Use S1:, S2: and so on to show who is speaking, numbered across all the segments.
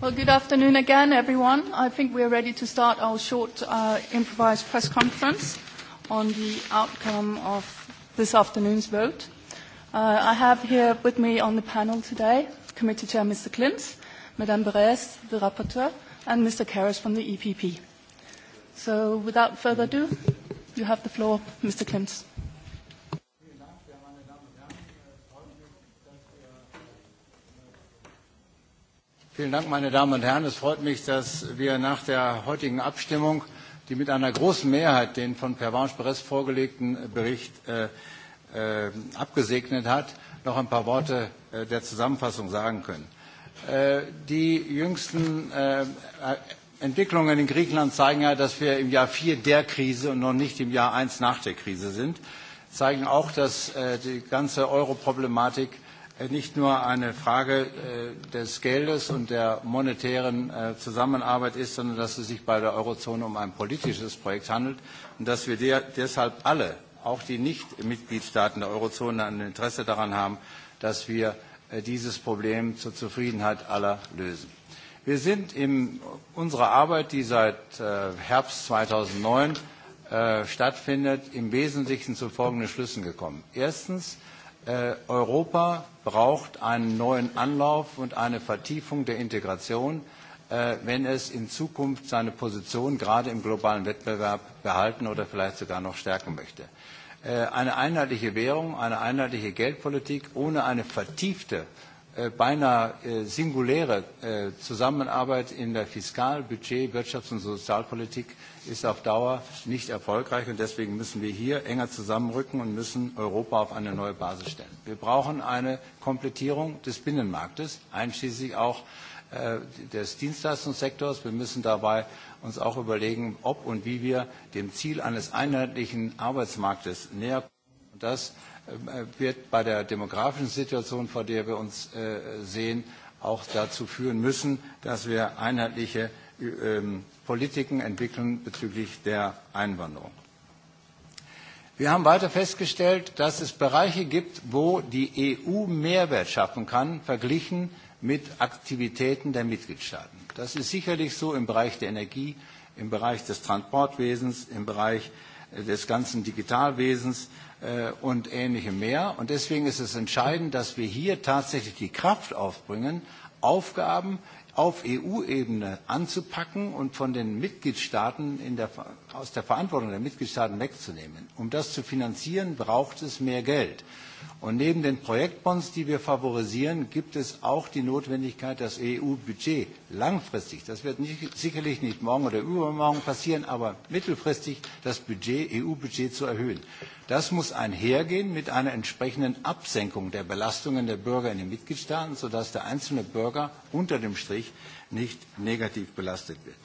S1: Well, good afternoon again, everyone. I think we're ready to start our short uh, improvised press conference on the outcome of this afternoon's vote. Uh, I have here with me on the panel today Committee Chair Mr. Klintz, Madame Beres, the rapporteur, and Mr. Karras from the EPP. So without further ado, you have the floor, Mr. Klintz.
S2: Vielen Dank, meine Damen und Herren. Es freut mich, dass wir nach der heutigen Abstimmung, die mit einer großen Mehrheit den von Pervanche Perez vorgelegten Bericht äh, äh, abgesegnet hat, noch ein paar Worte äh, der Zusammenfassung sagen können. Äh, die jüngsten äh, Entwicklungen in Griechenland zeigen ja, dass wir im Jahr 4 der Krise und noch nicht im Jahr 1 nach der Krise sind, zeigen auch, dass äh, die ganze Euro-Problematik äh, Äh, nicht nur eine Frage äh, des Geldes und der monetären äh, Zusammenarbeit ist, sondern dass es sich bei der Eurozone um ein politisches Projekt handelt und dass wir de deshalb alle, auch die Nicht-Mitgliedstaaten der Eurozone, ein Interesse daran haben, dass wir äh, dieses Problem zur Zufriedenheit aller lösen. Wir sind in unserer Arbeit, die seit äh, Herbst 2009 äh, stattfindet, im Wesentlichen zu folgenden Schlüssen gekommen. Erstens, äh, äh, Europa braucht einen neuen Anlauf und eine Vertiefung der Integration, äh, wenn es in Zukunft seine Position gerade im globalen Wettbewerb behalten oder vielleicht sogar noch stärken möchte. Äh, eine einheitliche Währung, eine einheitliche Geldpolitik ohne eine vertiefte äh, Äh, beinahe äh, singuläre äh, Zusammenarbeit in der Fiskal-, Budget-, Wirtschafts- und Sozialpolitik ist auf Dauer nicht erfolgreich. Und deswegen müssen wir hier enger zusammenrücken und müssen Europa auf eine neue Basis stellen. Wir brauchen eine Komplettierung des Binnenmarktes, einschließlich auch des Dienstleistungssektors. Wir müssen dabei uns auch überlegen, ob und wie wir dem Ziel eines einheitlichen Arbeitsmarktes näher kommen. Und das wird bei der demografischen Situation, vor der wir uns äh, sehen, auch dazu führen müssen, dass wir einheitliche ähm, Politiken entwickeln bezüglich der Einwanderung. Wir haben weiter festgestellt, dass es Bereiche gibt, wo die EU Mehrwert schaffen kann, verglichen mit Aktivitäten der Mitgliedstaaten. Das ist sicherlich so im Bereich der Energie, im Bereich des Transportwesens, im Bereich äh, des ganzen Digitalwesens, Äh, und ähnlichem mehr. Und deswegen ist es entscheidend, dass wir hier tatsächlich die Kraft aufbringen, Aufgaben auf EU-Ebene anzupacken und von den Mitgliedstaaten in der, aus der Verantwortung der Mitgliedstaaten wegzunehmen. Um das zu finanzieren, braucht es mehr Geld. Und neben den Projektbonds, die wir favorisieren, gibt es auch die Notwendigkeit, das EU-Budget langfristig, das wird nicht, sicherlich nicht morgen oder übermorgen passieren, aber mittelfristig das Budget, EU-Budget zu erhöhen. Das muss einhergehen mit einer entsprechenden Absenkung der Belastungen der Bürger in den Mitgliedstaaten, sodass der einzelne Bürger unter dem Strich nicht negativ belastet wird.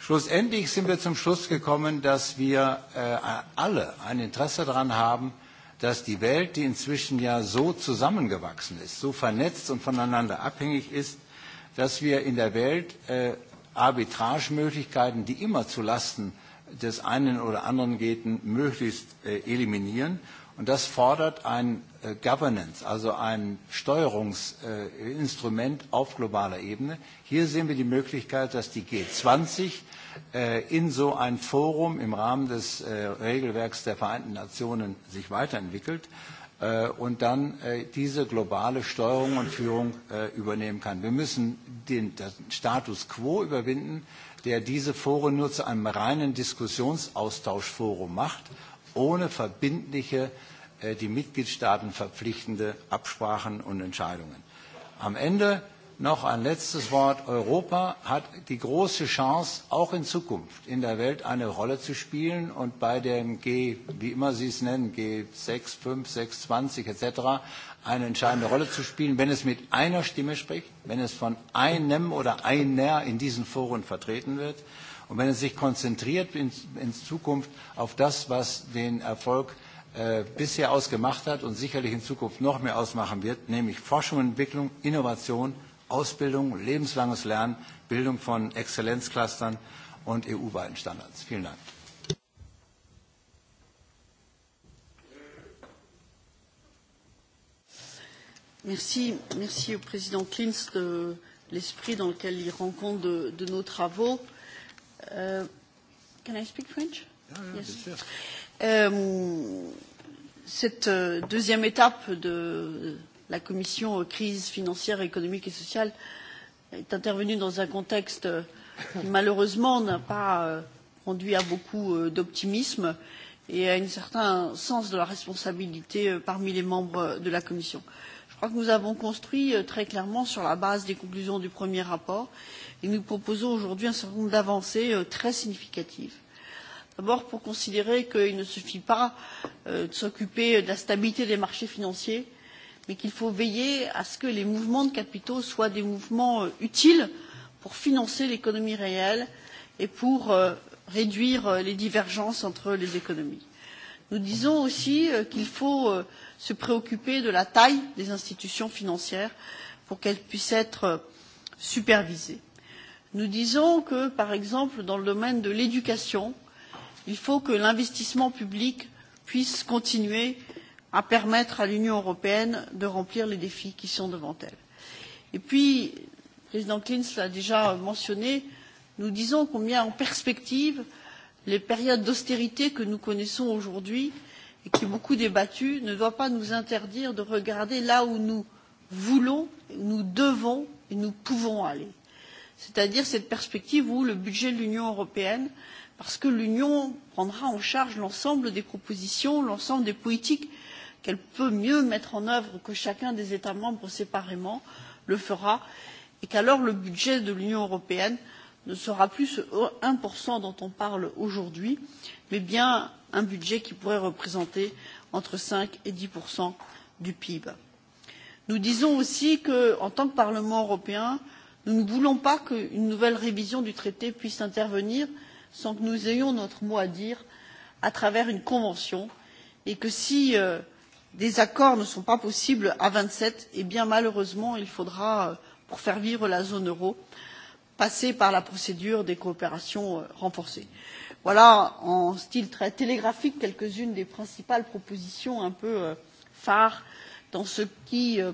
S2: Schlussendlich sind wir zum Schluss gekommen, dass wir äh, alle ein Interesse daran haben, äh, dass die Welt, die inzwischen ja so zusammengewachsen ist, so vernetzt und voneinander abhängig ist, dass wir in der Welt äh, Arbitragemöglichkeiten, die immer zu Lasten des einen oder anderen gehen, möglichst äh, eliminieren Und das fordert ein äh, Governance, also ein Steuerungsinstrument äh, auf globaler Ebene. Hier sehen wir die Möglichkeit, dass die G20 äh, in so ein Forum im Rahmen des äh, Regelwerks der Vereinten Nationen sich weiterentwickelt äh, und dann äh, diese globale Steuerung und Führung äh, übernehmen kann. Wir müssen den, den Status quo überwinden, der diese Foren nur zu einem reinen Diskussionsaustauschforum macht ohne verbindliche, äh, die Mitgliedstaaten verpflichtende Absprachen und Entscheidungen. Am Ende noch ein letztes Wort. Europa hat die große Chance, auch in Zukunft in der Welt eine Rolle zu spielen und bei dem G, wie immer Sie es nennen, G6, 5, 6, 20 etc. eine entscheidende Rolle zu spielen, wenn es mit einer Stimme spricht, wenn es von einem oder einer in diesen Foren vertreten wird. Und wenn es sich konzentriert in, in Zukunft auf das, was den Erfolg äh, bisher ausgemacht hat und sicherlich in Zukunft noch mehr ausmachen wird, nämlich Forschung und Entwicklung, Innovation, Ausbildung, lebenslanges Lernen, Bildung von Exzellenzclustern und EU-weiten Standards. Vielen Dank.
S1: Merci, merci au président Klinz de l'esprit dans lequel il rend compte de, de nos travaux. Uh, can I speak French? Ah, yeah, yes. Bien sûr. Um, euh, cette deuxième étape de la commission crise financière, économique et sociale est intervenue dans un contexte qui malheureusement n'a pas euh, conduit à beaucoup euh, d'optimisme et à un certain sens de la responsabilité euh, parmi les membres de la commission. Euh, Je crois que nous avons construit euh, très clairement sur la base des conclusions du premier rapport et nous proposons aujourd'hui un certain nombre d'avancées euh, très significatives. D'abord pour considérer qu'il ne suffit pas euh, de s'occuper de la stabilité des marchés financiers, mais qu'il faut veiller à ce que les mouvements de capitaux soient des mouvements utiles pour financer l'économie réelle et pour réduire les divergences entre les économies. Nous disons aussi euh, qu'il faut euh, se préoccuper de la taille des institutions financières pour qu'elles puissent être euh, supervisées. Nous disons que, par exemple, dans le domaine de l'éducation, il faut que l'investissement public puisse continuer à permettre à l'Union européenne de remplir les défis qui sont devant elle. Et puis, le président Klinz l'a déjà mentionné, nous disons combien en perspective euh, les périodes d'austérité que nous connaissons aujourd'hui et qui sont beaucoup débattues ne doivent pas nous interdire de regarder là où nous voulons nous devons et nous pouvons aller c'est à dire cette perspective où le budget de l'union européenne parce que l'union prendra en charge l'ensemble des propositions l'ensemble des politiques qu'elle peut mieux mettre en œuvre que chacun des états membres séparément le fera et qu'alors le budget de l'union européenne ne sera plus ce un dont on parle aujourd'hui mais bien un budget qui pourrait représenter entre cinq et dix du pib. nous disons aussi qu'en tant que parlement européen nous ne voulons pas qu'une nouvelle révision du traité puisse intervenir sans que nous ayons notre mot à dire à travers une convention et que si euh, des accords ne sont pas possibles à vingt sept eh bien malheureusement il faudra euh, pour faire vivre la zone euro passer par la procédure des coopérations euh, renforcées. voilà en style très télégraphique quelques unes des principales propositions un peu euh, phares dans ce qui euh,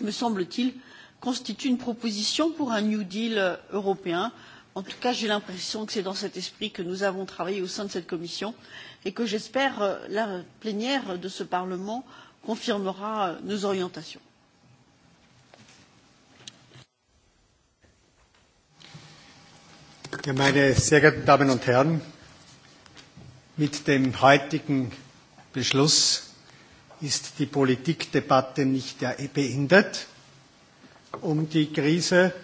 S1: me semble t il constitue une proposition pour un new deal européen. en tout cas j'ai l'impression que c'est dans cet esprit que nous avons travaillé au sein de cette commission et que j'espère la plénière de ce parlement confirmera nos orientations.
S3: Ja, meine sehr geehrten Damen und Herren, mit dem heutigen Beschluss ist die Politikdebatte nicht eh beendet. Um die Krise,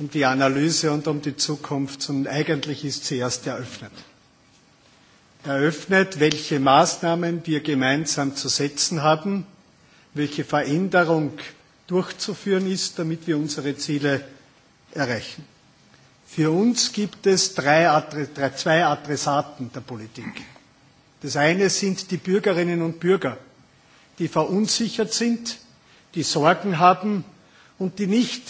S3: um die Analyse und um die Zukunft, sondern eigentlich ist sie erst eröffnet. Eröffnet, welche Maßnahmen wir gemeinsam zu setzen haben, welche Veränderung durchzuführen ist, damit wir unsere Ziele erreichen. Für uns gibt es drei, zwei Adressaten der Politik. Das eine sind die Bürgerinnen und Bürger, die verunsichert sind, die Sorgen haben und die nicht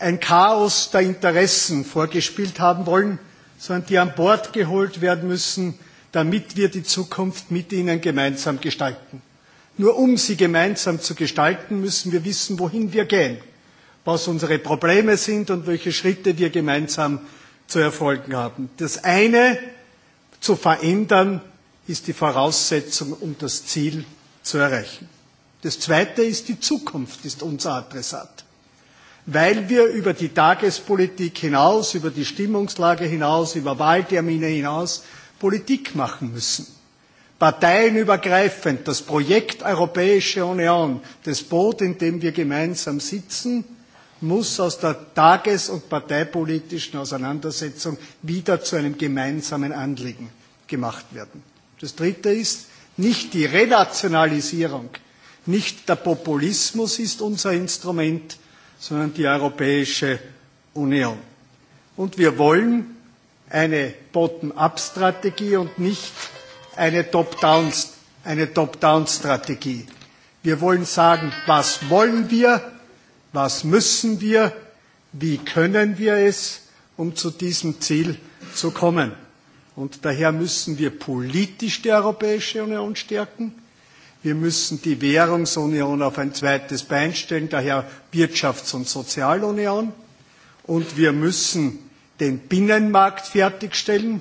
S3: ein Chaos der Interessen vorgespielt haben wollen, sondern die an Bord geholt werden müssen, damit wir die Zukunft mit ihnen gemeinsam gestalten. Nur um sie gemeinsam zu gestalten, müssen wir wissen, wohin wir gehen was unsere Probleme sind und welche Schritte wir gemeinsam zu erfolgen haben. Das eine zu verändern ist die Voraussetzung, um das Ziel zu erreichen. Das zweite ist, die Zukunft ist unser Adressat. Weil wir über die Tagespolitik hinaus, über die Stimmungslage hinaus, über Wahltermine hinaus Politik machen müssen. Parteienübergreifend das Projekt Europäische Union, das Boot, in dem wir gemeinsam sitzen, muss aus der tages- und parteipolitischen Auseinandersetzung wieder zu einem gemeinsamen Anliegen gemacht werden. Das Dritte ist, nicht die Renationalisierung, nicht der Populismus ist unser Instrument, sondern die Europäische Union. Und wir wollen eine Bottom-up-Strategie und nicht eine Top-down-Strategie. Top, eine Top wir wollen sagen, was wollen wir, Was müssen wir? Wie können wir es, um zu diesem Ziel zu kommen? Und daher müssen wir politisch die Europäische Union stärken. Wir müssen die Währungsunion auf ein zweites Bein stellen, daher Wirtschafts- und Sozialunion. Und wir müssen den Binnenmarkt fertigstellen.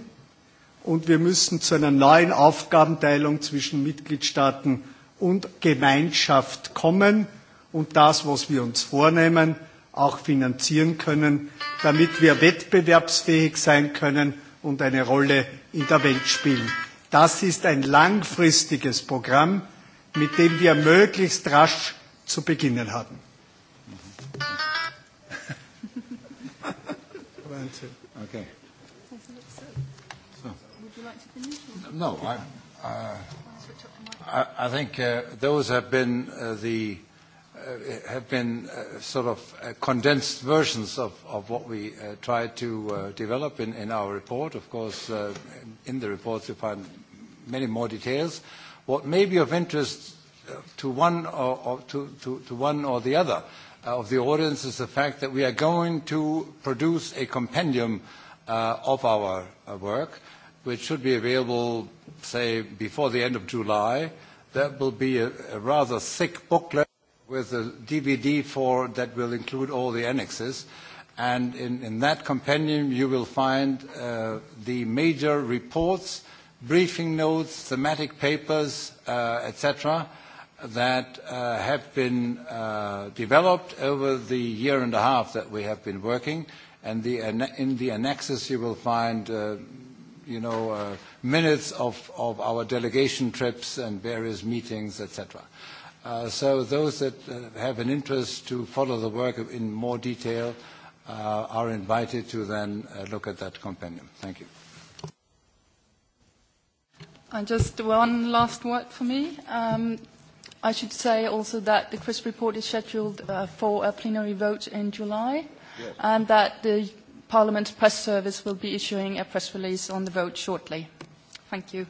S3: Und wir müssen zu einer neuen Aufgabenteilung zwischen Mitgliedstaaten und Gemeinschaft kommen und das, was wir uns vornehmen, auch finanzieren können, damit wir wettbewerbsfähig sein können und eine Rolle in der Welt spielen. Das ist ein langfristiges Programm, mit dem wir möglichst rasch zu beginnen haben. Okay.
S2: So. Would you like to finish? No, I, uh, I, I think uh, those have been uh, the uh, uh, have been uh, sort of uh, condensed versions of, of what we uh, try to uh, develop in, in our report. Of course, uh, in the report you find many more details. What may be of interest uh, to one or, or to, to, to one or the other uh, of the audience is the fact that we are going to produce a compendium uh, of our uh, work, which should be available, say, before the end of July. That will be a, a rather thick booklet with a DVD for that will include all the annexes. And in, in that compendium, you will find uh, the major reports, briefing notes, thematic papers, uh, etc., that uh, have been uh, developed over the year and a half that we have been working. And the, in the annexes, you will find, uh, you know, uh, minutes of, of our delegation trips and various meetings, etc. cetera. Uh, so those that uh, have an interest to follow the work in more detail uh, are invited to then uh, look at that compendium. Thank you.
S1: And uh, just one last word for me. Um, I should say also that the CRISP report is scheduled uh, for a plenary vote in July, yes. and that the Parliament Press Service will be issuing a press release on the vote shortly. Thank you.